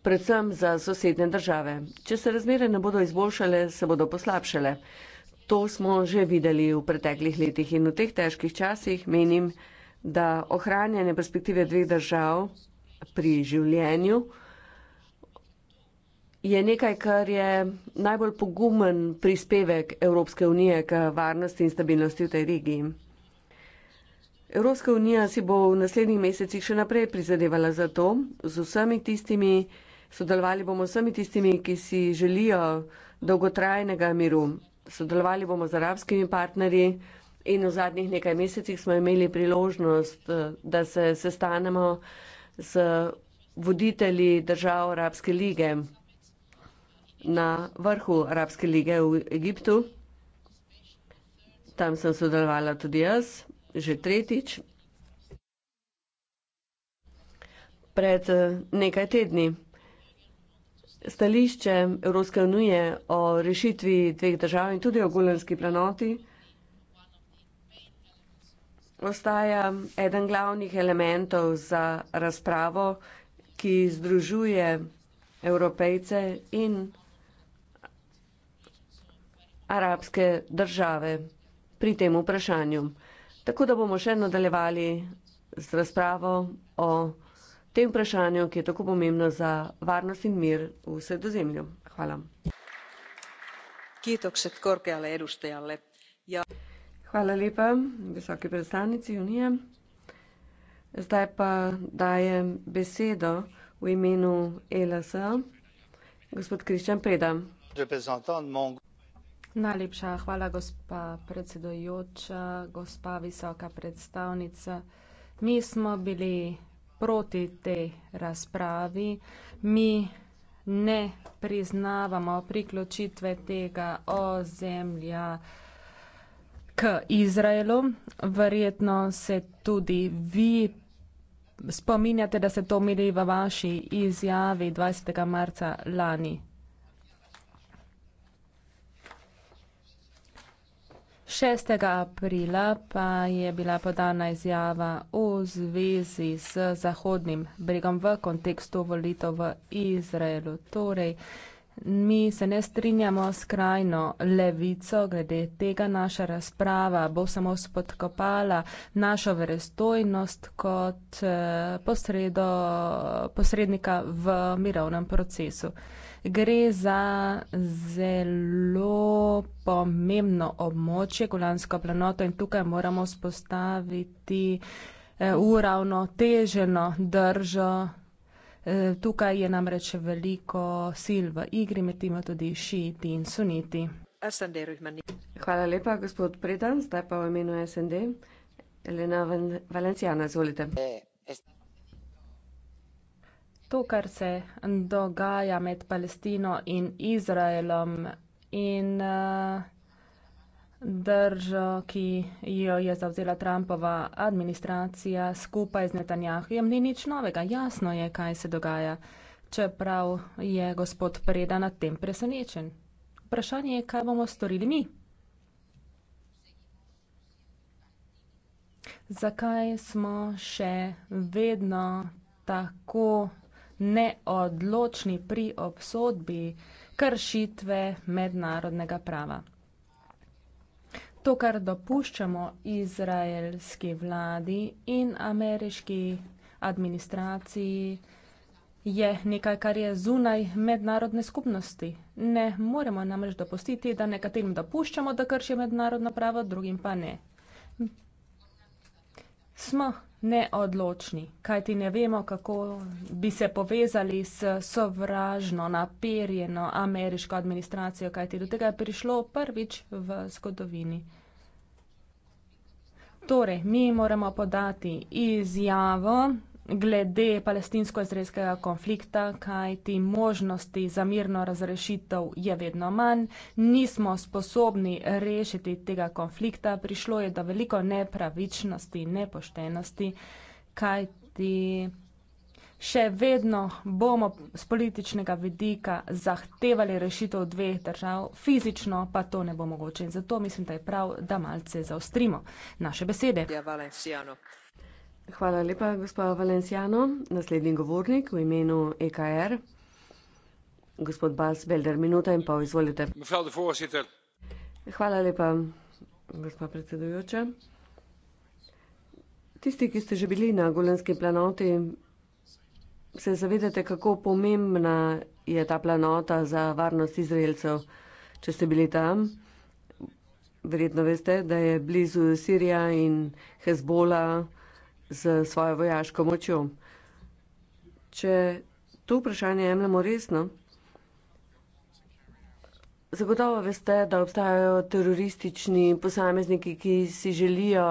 predvsem za sosednje države. Če se razmere ne bodo izboljšale, se bodo poslabšale. To smo že videli v preteklih letih in v teh težkih časih menim, da ohranjanje perspektive dveh držav pri življenju je nekaj, kar je najbolj pogumen prispevek Evropske unije k varnosti in stabilnosti v tej regiji. Evropska unija si bo v naslednjih mesecih še naprej prizadevala za to z vsemi tistimi, Sodelovali bomo s vsemi tistimi, ki si želijo dolgotrajnega miru. Sodelovali bomo z arabskimi partnerji in v zadnjih nekaj mesecih smo imeli priložnost, eh, da se sestanemo z voditelji držav Arabske lige na vrhu Arabske lige v Egiptu. Tam sem sodelovala tudi jaz, že tretjič. Pred eh, nekaj tedni stališče Evropske unije o rešitvi dveh držav in tudi o golenski planoti ostaja eden glavnih elementov za razpravo, ki združuje Evropejce in arabske države pri tem vprašanju. Tako da bomo še nadaljevali z razpravo o tem vprašanju, ki je tako pomembno za varnost in mir v sredozemlju. Hvala. Ja. Hvala lepa visoki predstavnici Unije. Zdaj pa dajem besedo v imenu ELS, gospod Christian Preda. Najlepša hvala, gospa predsedujoča, gospa visoka predstavnica. Mi smo bili proti tej razpravi. Mi ne priznavamo priključitve tega ozemlja k Izraelu. Verjetno se tudi vi spominjate, da ste to omenili v vaši izjavi 20. marca lani. 6. aprila pa je bila podana izjava o zvezi z Zahodnim bregom v kontekstu volitev v Izraelu. Torej, Mi se ne strinjamo skrajno levico, glede tega naša razprava bo samo spodkopala našo verestojnost kot eh, posredo, posrednika v mirovnem procesu. Gre za zelo pomembno območje, Golansko planoto in tukaj moramo spostaviti eh, uravnoteženo držo E, tukaj je namreč veliko sil v igri, med tem tudi šiiti in suniti. Hvala lepa, gospod Predan, zdaj pa v imenu SND. Elena Valencijana, izvolite. To, kar se dogaja med Palestino in Izraelom in uh, držo, ki jo je zavzela Trumpova administracija skupaj z Netanjahujem, ni nič novega. Jasno je, kaj se dogaja, čeprav je gospod Preda nad tem presenečen. Vprašanje je, kaj bomo storili mi. Zakaj smo še vedno tako neodločni pri obsodbi kršitve mednarodnega prava? To, kar dopuščamo izraelski vladi in ameriški administraciji, je nekaj, kar je zunaj mednarodne skupnosti. Ne moremo namreč dopustiti, da nekaterim dopuščamo, da krši mednarodno pravo, drugim pa ne. Smo neodločni, kajti ne vemo, kako bi se povezali s sovražno, naperjeno ameriško administracijo, kajti do tega je prišlo prvič v zgodovini. Torej, mi moramo podati izjavo glede palestinsko-izraelskega konflikta, kaj ti možnosti za mirno razrešitev je vedno manj, nismo sposobni rešiti tega konflikta, prišlo je do veliko nepravičnosti in nepoštenosti, kaj ti še vedno bomo z političnega vidika zahtevali rešitev dveh držav, fizično pa to ne bo mogoče. In zato mislim, da je prav, da malce zaostrimo naše besede. Ja, vale, Hvala lepa, gospa Valencijano. Naslednji govornik v imenu EKR. Gospod Bas Belder, minuta in pol, izvolite. Hvala lepa, gospa predsedujoča. Tisti, ki ste že bili na Golenski planoti, se zavedate, kako pomembna je ta planota za varnost Izraelcev, če ste bili tam. Verjetno veste, da je blizu Sirija in Hezbola z svojo vojaško močjo. Če to vprašanje jemljemo resno, zagotovo veste, da obstajajo teroristični posamezniki, ki si želijo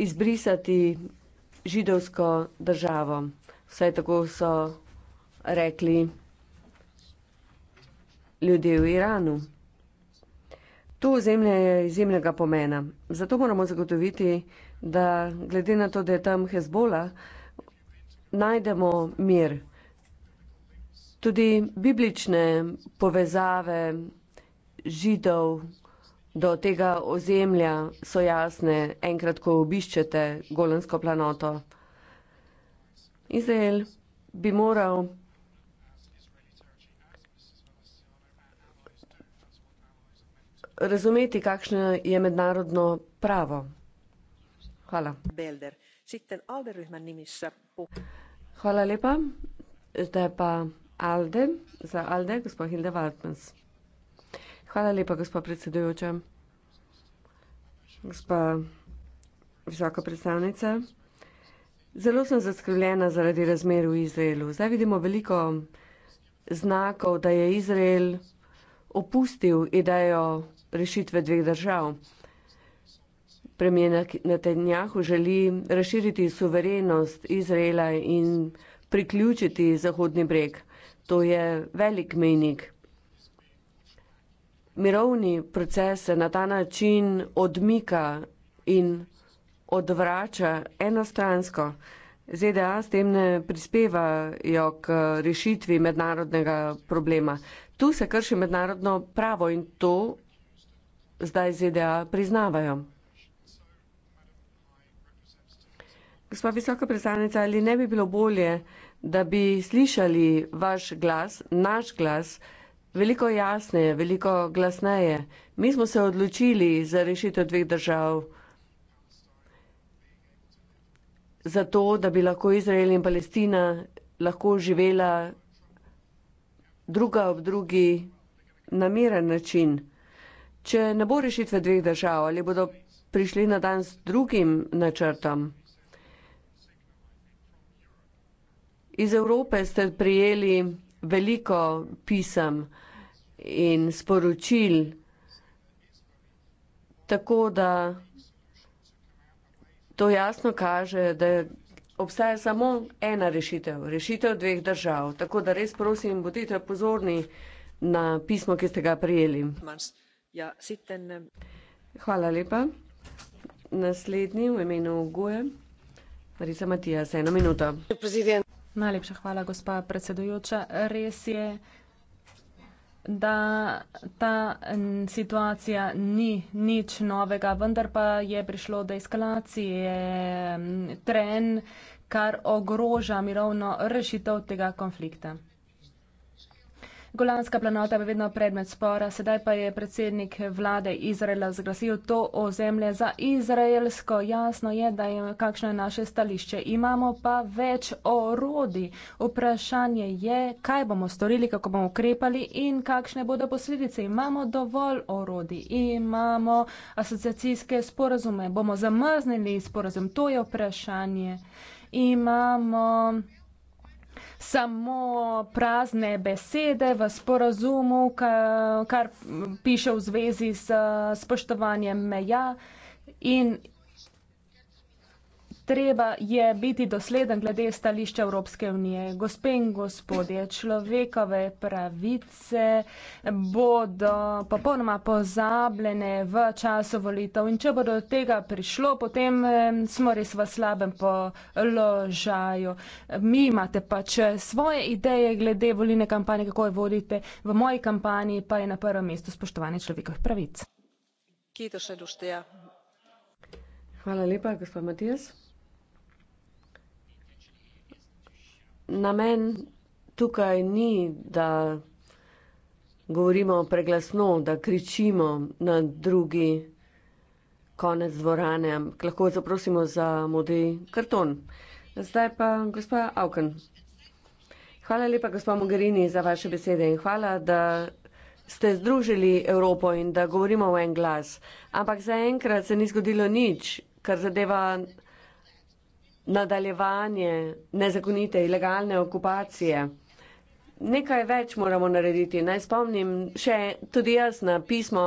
izbrisati židovsko državo. Vse tako so rekli ljudje v Iranu. To zemlje je izjemnega pomena. Zato moramo zagotoviti da glede na to, da je tam Hezbola, najdemo mir. Tudi biblične povezave židov do tega ozemlja so jasne, enkrat, ko obiščete Golansko planoto. Izrael bi moral razumeti, kakšno je mednarodno pravo. Hvala lepa. Zdaj pa ALDE, za ALDE gospa Hilda Varnfels. Hvala lepa, gospa predsedujoča. Gospa visoka predstavnica, zelo sem zaskrbljena zaradi razmer v Izraelu. Zdaj vidimo veliko znakov, da je Izrael opustil idejo rešitve dveh držav. Premijer Netanjahu želi razširiti suverenost Izraela in priključiti Zahodni breg. To je velik menik. Mirovni proces se na ta način odmika in odvrača enostransko. ZDA e s tem ne prispevajo k rešitvi mednarodnega problema. Tu se krši mednarodno pravo in to zdaj ZDA e priznavajo. Gospa visoka predstavnica, ali ne bi bilo bolje, da bi slišali vaš glas, naš glas, veliko jasneje, veliko glasneje? Mi smo se odločili za rešitev dveh držav, zato da bi lahko Izrael in Palestina lahko živela druga ob drugi na miren način. Če ne bo rešitve dveh držav, ali bodo prišli na dan s drugim načrtom? Iz Evrope ste prijeli veliko pisem in sporočil, tako da to jasno kaže, da obstaja samo ena rešitev, rešitev dveh držav. Tako da res prosim, bodite pozorni na pismo, ki ste ga prijeli. Ja, eh, Hvala lepa. Naslednji v imenu Guje, Marica Matija, za eno minuto. Najlepša hvala, gospa predsedujoča. Res je, da ta situacija ni nič novega, vendar pa je prišlo do eskalacije tren, kar ogroža mirovno rešitev tega konflikta. Golanska planota je vedno predmet spora, sedaj pa je predsednik vlade Izraela zglasil to ozemlje za izraelsko. Jasno je, da je kakšno je naše stališče. Imamo pa več orodi. Vprašanje je, kaj bomo storili, kako bomo ukrepali in kakšne bodo posledice. Imamo dovolj orodi, imamo asociacijske sporazume. Bomo zamrznili sporazum, to je vprašanje. Imamo samo prazne besede v sporazumu, kar piše v zvezi s spoštovanjem meja in Treba je biti dosleden glede stališča Evropske unije. Gospe in gospodje, človekove pravice bodo popolnoma pozabljene v času volitev in če bodo tega prišlo, potem smo res v slabem položaju. Mi imate pač svoje ideje glede volilne kampanje, kako jo vodite. V moji kampanji pa je na prvem mestu spoštovanje človekovih pravic. Hvala lepa, gospod Matijas. namen tukaj ni, da govorimo preglasno, da kričimo na drugi konec dvorane. Lahko zaprosimo za modi karton. Zdaj pa gospa Auken. Hvala lepa, gospa Mogherini, za vaše besede in hvala, da ste združili Evropo in da govorimo v en glas. Ampak zaenkrat se ni zgodilo nič, kar zadeva nadaljevanje nezakonite ilegalne okupacije. Nekaj več moramo narediti. Naj spomnim še tudi jaz na pismo,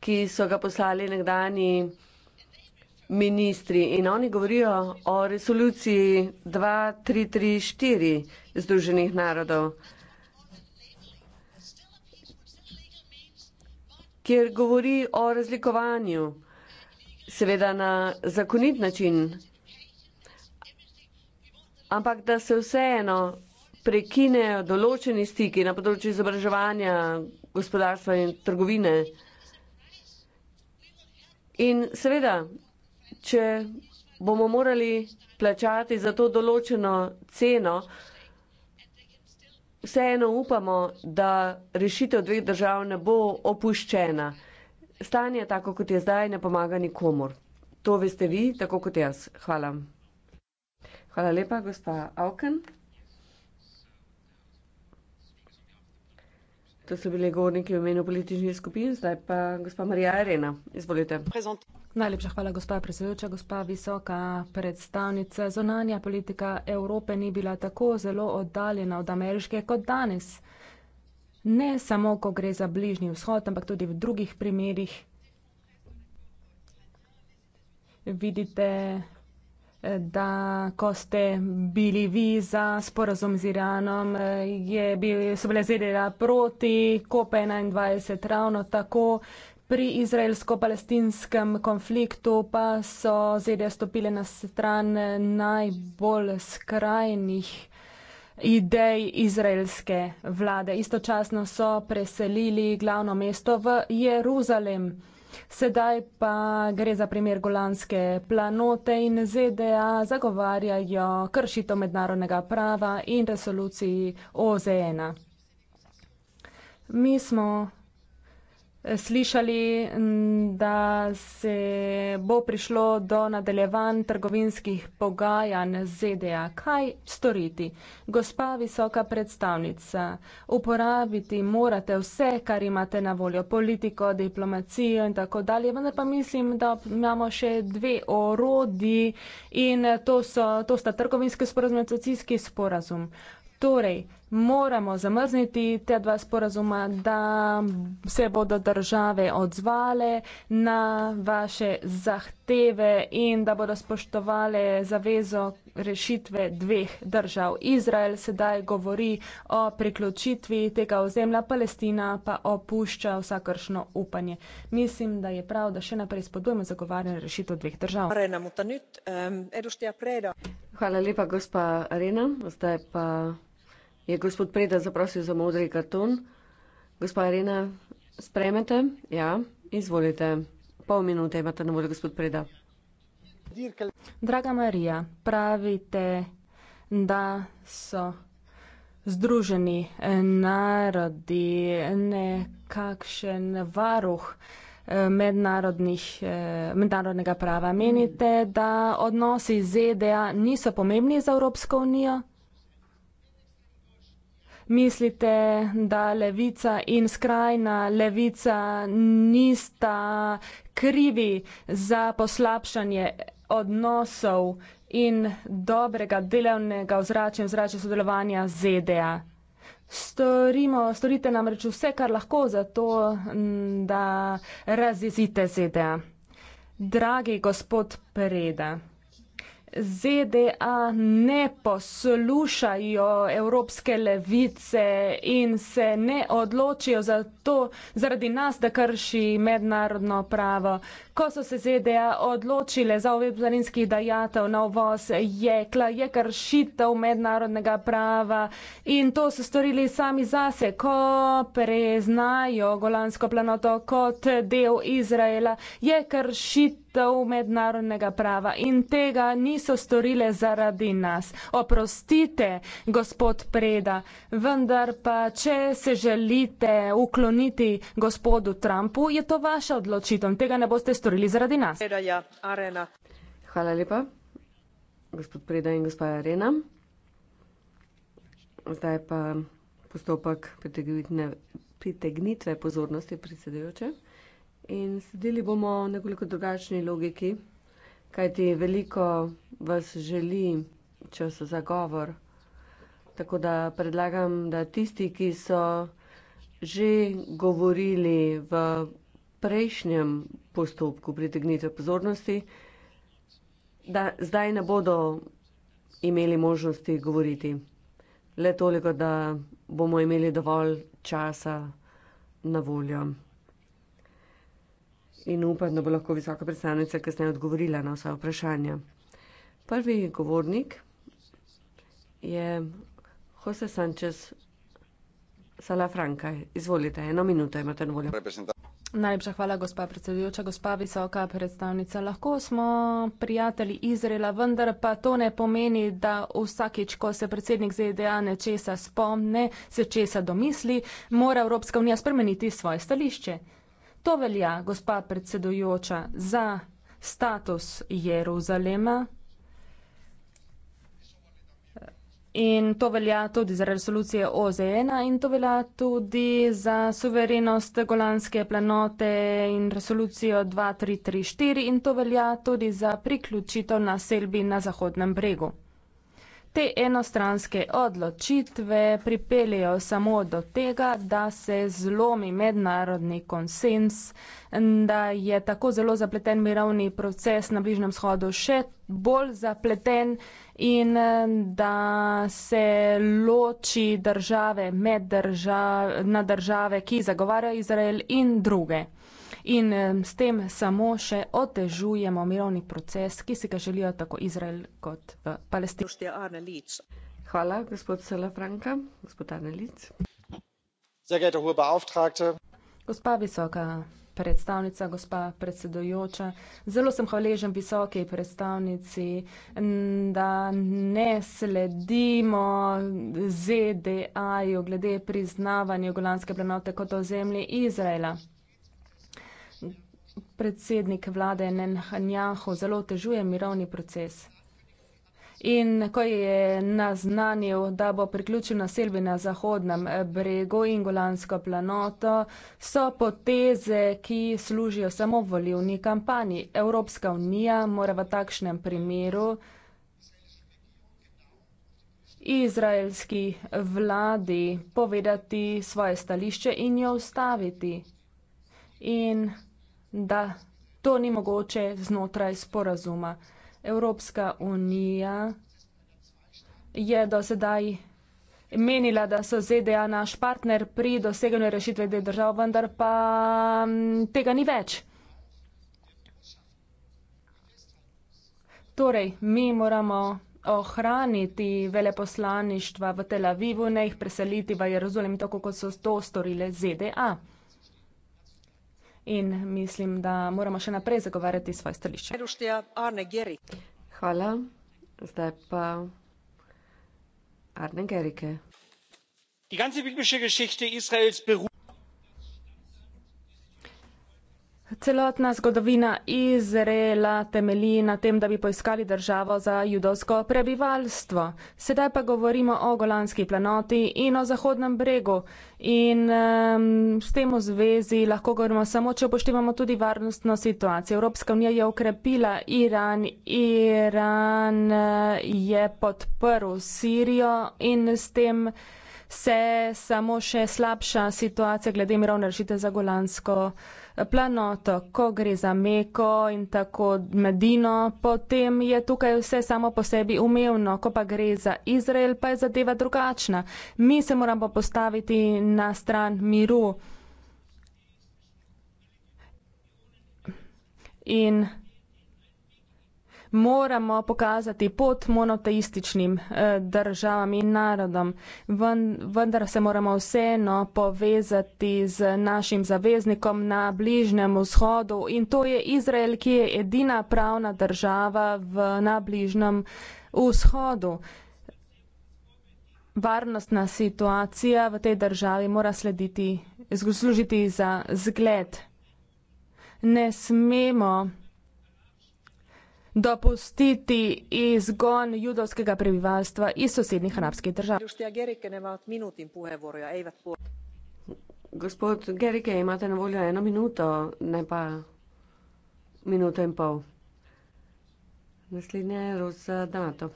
ki so ga poslali nekdani ministri in oni govorijo o resoluciji 2334 Združenih narodov, kjer govori o razlikovanju, seveda na zakonit način, ampak da se vseeno prekinejo določeni stiki na področju izobraževanja, gospodarstva in trgovine. In seveda, če bomo morali plačati za to določeno ceno, vseeno upamo, da rešitev dveh držav ne bo opuščena. Stanje tako, kot je zdaj, ne pomaga nikomor. To veste vi, tako kot jaz. Hvala. Hvala lepa, gospa Auken. To so bili govorniki v imenu političnih skupin, zdaj pa gospa Marija Arena. Izvolite. Najlepša hvala, gospa predsedujoča, gospa visoka predstavnica. Zonanja politika Evrope ni bila tako zelo oddaljena od ameriške kot danes. Ne samo, ko gre za bližnji vzhod, ampak tudi v drugih primerih. Vidite da ko ste bili vi za sporazum z Iranom, eh, bil, so bile ZDA proti COP21 ravno tako. Pri izraelsko-palestinskem konfliktu pa so ZDA stopile na stran najbolj skrajnih idej izraelske vlade. Istočasno so preselili glavno mesto v Jeruzalem. Sedaj pa gre za primer Golanske planote in ZDA zagovarjajo kršito mednarodnega prava in resoluciji OZN-a. E Mi smo slišali, da se bo prišlo do nadaljevanj trgovinskih pogajanj ZDA. Kaj storiti? Gospa visoka predstavnica, uporabiti morate vse, kar imate na voljo, politiko, diplomacijo in tako dalje, vendar pa mislim, da imamo še dve orodi in to, so, to sta trgovinski sporazum in socijski sporazum. Torej, moramo zamrzniti te dva sporazuma, da se bodo države odzvale na vaše zahteve in da bodo spoštovale zavezo rešitve dveh držav. Izrael sedaj govori o priključitvi tega ozemlja, Palestina pa opušča vsakršno upanje. Mislim, da je prav, da še naprej spodbujemo zagovarjanje rešitev dveh držav. Hvala lepa, gospa Arena. Zdaj pa je gospod Preda zaprosil za modri karton. Gospa Irena, sprejmete? Ja, izvolite. Pol minute imate na voljo, gospod Preda. Draga Marija, pravite, da so združeni narodi nekakšen varuh eh, mednarodnih, eh, mednarodnega prava. Menite, da odnosi ZDA niso pomembni za Evropsko unijo? mislite, da levica in skrajna levica nista krivi za poslabšanje odnosov in dobrega delovnega ozračja in ozračja sodelovanja ZDA. Storimo, storite namreč vse, kar lahko za to, da razjezite ZDA. Dragi gospod Preda. ZDA ne poslušajo evropske levice in se ne odločijo za to, zaradi nas, da krši mednarodno pravo. Ko so se ZDA odločile za ove planinskih dajatev na uvoz jekla, je kršitev mednarodnega prava in to so storili sami zase, ko preznajo Golansko planoto kot del Izraela, je kršitev kršitev mednarodnega prava in tega niso storile zaradi nas. Oprostite, gospod Preda, vendar pa, če se želite ukloniti gospodu Trumpu, je to vaša odločitev in tega ne boste storili zaradi nas. Preda, ja, arena. Hvala lepa, gospod Preda in gospa Arena. Zdaj pa postopek pritegnitve pozornosti predsedujoče in sledili bomo nekoliko drugačni logiki, kajti veliko vas želi čas za govor. Tako da predlagam, da tisti, ki so že govorili v prejšnjem postopku pritegnitve pozornosti, da zdaj ne bodo imeli možnosti govoriti. Le toliko, da bomo imeli dovolj časa na voljo in upam, da bo lahko visoka predstavnica kasneje odgovorila na vsa vprašanja. Prvi govornik je Jose Sanchez Salafranca. Izvolite, eno minuto imate na voljo. Najlepša hvala, gospa predsedujoča, gospa visoka predstavnica. Lahko smo prijatelji Izrela, vendar pa to ne pomeni, da vsakič, ko se predsednik ZDA nečesa spomne, se česa domisli, mora Evropska unija spremeniti svoje stališče. To velja, gospa predsedujoča, za status Jeruzalema in to velja tudi za resolucije OZN in to velja tudi za suverenost Golanske planote in resolucijo 2334 in to velja tudi za priključitev naselbi na Zahodnem bregu. Te enostranske odločitve pripeljejo samo do tega, da se zlomi mednarodni konsens, da je tako zelo zapleten mirovni proces na Bližnjem shodu še bolj zapleten in da se loči države med držav, na države, ki zagovarjajo Izrael in druge in s tem samo še otežujemo mirovni proces, ki si ga želijo tako Izrael kot Palestina. Hvala, gospod Salafranka. Gospod Arnelic. Gospa visoka predstavnica, gospa predsedujoča, zelo sem hvaležen visoki predstavnici, da ne sledimo ZDA-ju glede priznavanja Golanske planote kot ozemlje Izraela predsednik vlade Nenhanjahu zelo otežuje mirovni proces. In ko je naznanil, da bo priključil naselbi na zahodnem bregu in golansko planoto, so poteze, ki služijo samo volivni kampanji. Evropska unija mora v takšnem primeru izraelski vladi povedati svoje stališče in jo ustaviti. In da to ni mogoče znotraj sporazuma. Evropska unija je do sedaj menila, da so ZDA naš partner pri doseganju rešitve dveh držav, vendar pa tega ni več. Torej, mi moramo ohraniti veleposlaništva v Tel Avivu, ne jih preseliti v Jeruzalem, tako kot so to storile ZDA in mislim, da moramo še naprej zagovarjati svoje stališče. Hvala. Zdaj pa Arne Gerike. Die ganze biblische Geschichte Israels beruht. Celotna zgodovina Izraela temelji na tem, da bi poiskali državo za judovsko prebivalstvo. Sedaj pa govorimo o Golanski planoti in o Zahodnem bregu. In um, s tem v zvezi lahko govorimo samo, če upoštevamo tudi varnostno situacijo. Evropska unija je okrepila Iran, Iran eh, je podprl Sirijo in s tem se samo še slabša situacija glede mirovne rešitve za Golansko planoto planoto, ko gre za meko in tako medino, potem je tukaj vse samo po sebi umevno, ko pa gre za Izrael, pa je zadeva drugačna. Mi se moramo postaviti na stran miru. In moramo pokazati pot monoteističnim eh, državam in narodom, vendar se moramo vseeno povezati z našim zaveznikom na Bližnjem vzhodu in to je Izrael, ki je edina pravna država v, na Bližnjem vzhodu. Varnostna situacija v tej državi mora slediti, služiti za zgled. Ne smemo dopustiti izgon judovskega prebivalstva iz sosednjih arabskih držav. Ja Gospod Gerike, imate na voljo eno minuto, ne pa minuto in pol. Naslednja je Rosa Dato.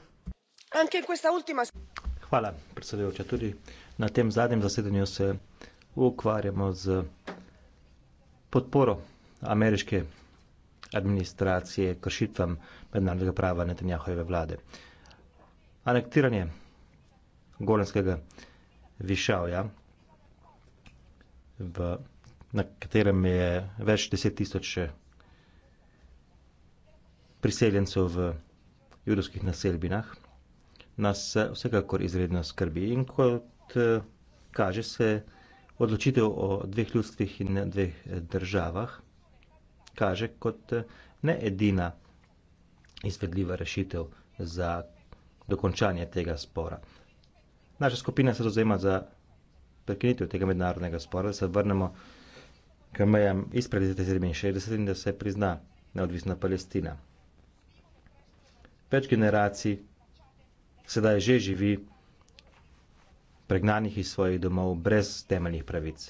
Hvala, predsedujoča. Tudi na tem zadnjem zasedanju se ukvarjamo z podporo ameriške administracije kršitvam mednarodnega prava Netanjahojeve vlade. Anektiranje golenskega višavja, v, na katerem je več deset tisoč eh, priseljencev v judovskih naselbinah, nas eh, vsekakor izredno skrbi. In kot eh, kaže se odločitev o dveh ljudstvih in dveh državah, kaže kot eh, ne edina izvedljiva rešitev za dokončanje tega spora. Naša skupina se zauzema za prekinitev tega mednarodnega spora, da se vrnemo k mejam izpred 1967 in da se prizna neodvisna Palestina. Več generacij sedaj že živi pregnanih iz svojih domov brez temeljnih pravic.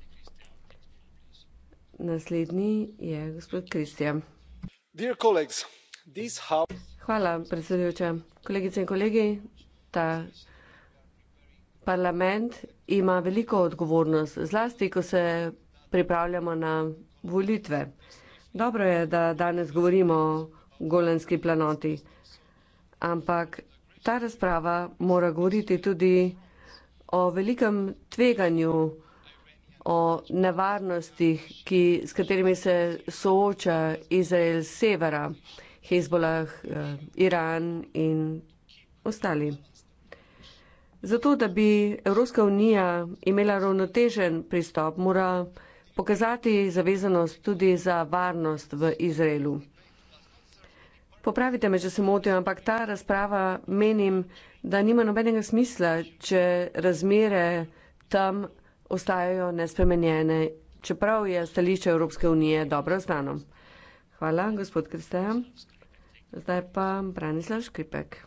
Hvala, predsedujoča. Kolegice in kolegi, ta parlament ima veliko odgovornost, zlasti ko se pripravljamo na volitve. Dobro je, da danes govorimo o golanski planoti, ampak ta razprava mora govoriti tudi o velikem tveganju, o nevarnostih, ki, s katerimi se sooča Izrael z severa, Hezbolah, eh, Iran in ostali. Zato, da bi Evropska unija imela ravnotežen pristop, mora pokazati zavezanost tudi za varnost v Izraelu. Popravite me, če se motim, ampak ta razprava menim, da nima nobenega smisla, če razmere tam ostajajo nespremenjene, čeprav je stališče Evropske unije dobro znano. Hvala, gospod Kristejan. Zdaj pa Branislav Škripek.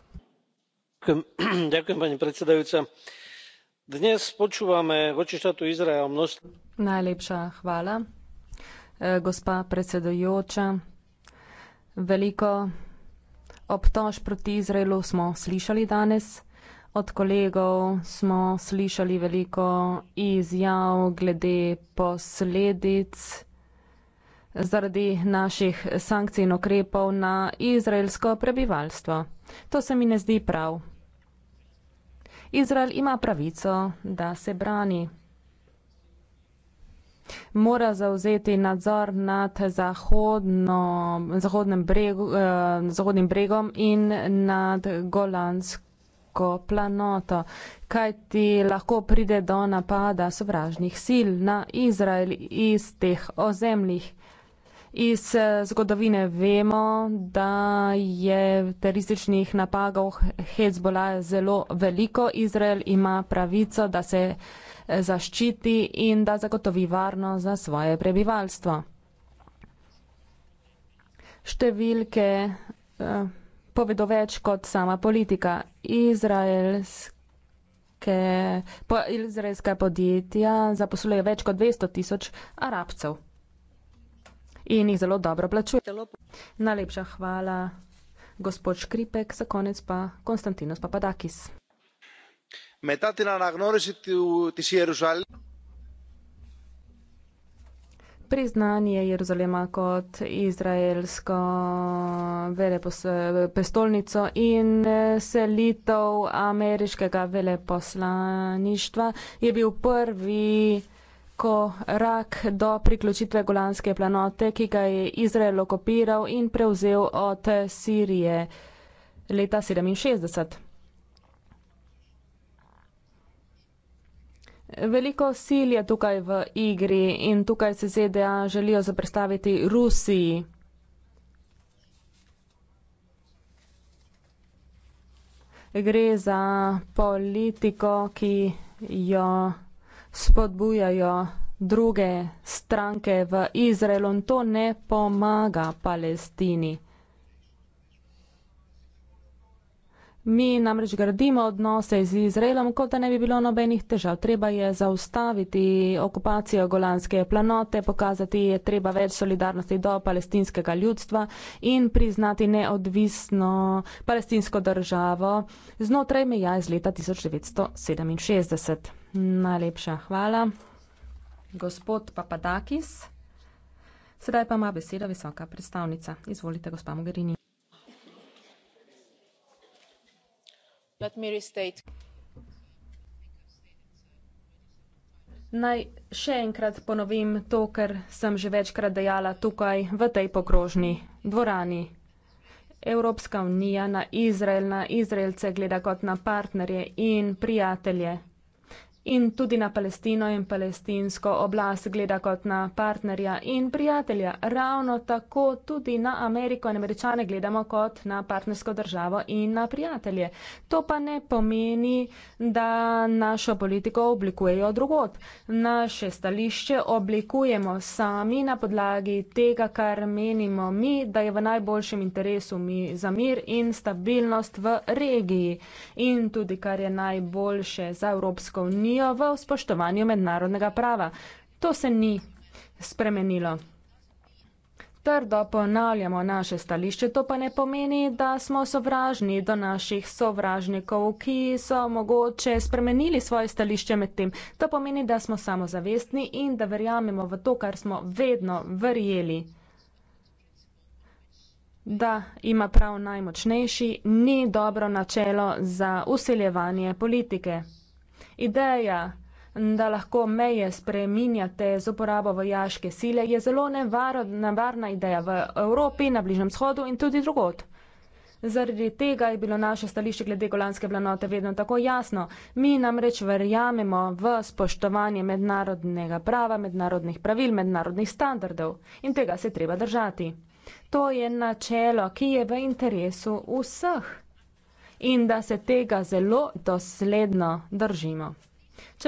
Ďakujem, <clears throat> pani predsedajúca. Dnes počúvame voči štátu Izrael množstvo... Najlepša hvala, e, gospa predsedujoča. Veliko obtož proti Izraelu smo slišali danes. Od kolegov smo slišali veliko izjav glede posledic zaradi naših sankcij in okrepov na izraelsko prebivalstvo. To se mi ne zdi prav. Izrael ima pravico, da se brani. Mora zauzeti nadzor nad zahodno, zahodnim, bregu, eh, zahodnim bregom in nad Golansk visoko planoto, kajti lahko pride do napada sovražnih sil na Izrael iz teh ozemljih. Iz eh, zgodovine vemo, da je terističnih napagov Hezbola zelo veliko. Izrael ima pravico, da se eh, zaščiti in da zagotovi varnost za svoje prebivalstvo. Številke. Uh, povedo več kot sama politika. Izraelske, po, izraelska podjetja zaposlujejo več kot 200 tisoč arabcev in jih zelo dobro plačujejo. Najlepša hvala, gospod Škripek, za konec pa Konstantinos Papadakis priznanje Jeruzalema kot izraelsko prestolnico in eh, selitev ameriškega veleposlaništva je bil prvi korak do priključitve Golanske planote, ki ga je Izrael okupiral in prevzel od Sirije leta 1967. Veliko sil je tukaj v igri in tukaj se ZDA želijo zaprestaviti Rusiji. Gre za politiko, ki jo spodbujajo druge stranke v Izraelu in to ne pomaga Palestini. Mi namreč gradimo odnose z Izraelom, kot da ne bi bilo nobenih težav. Treba je zaustaviti okupacijo golanske planote, pokazati je treba več solidarnosti do palestinskega ljudstva in priznati neodvisno palestinsko državo znotraj meja iz leta 1967. Najlepša hvala. Gospod Papadakis, sedaj pa ima beseda visoka predstavnica. Izvolite, gospa Mogherini. let me restate Naj še enkrat ponovim to, kar sem že večkrat dejala tukaj v tej pokrožni dvorani. Evropska unija na Izrael, na Izraelce gleda kot na partnerje in prijatelje in tudi na Palestino in palestinsko oblast gleda kot na partnerja in prijatelja. Ravno tako tudi na Ameriko in američane gledamo kot na partnersko državo in na prijatelje. To pa ne pomeni, da našo politiko oblikujejo drugot. Naše stališče oblikujemo sami na podlagi tega, kar menimo mi, da je v najboljšem interesu mi za mir in stabilnost v regiji in tudi, kar je najboljše za Evropsko unijo. Slovenijo v spoštovanju mednarodnega prava. To se ni spremenilo. Trdo ponavljamo naše stališče, to pa ne pomeni, da smo sovražni do naših sovražnikov, ki so mogoče spremenili svoje stališče med tem. To pomeni, da smo samozavestni in da verjamemo v to, kar smo vedno verjeli. Da ima prav najmočnejši ni dobro načelo za useljevanje politike. Ideja, da lahko meje spreminjate z uporabo vojaške sile, je zelo nevarna ideja v Evropi, na Bližnem shodu in tudi drugot. Zaradi tega je bilo naše stališče glede golanske planote vedno tako jasno. Mi namreč verjamemo v spoštovanje mednarodnega prava, mednarodnih pravil, mednarodnih standardov in tega se treba držati. To je načelo, ki je v interesu vseh in da se tega zelo dosledno držimo. Če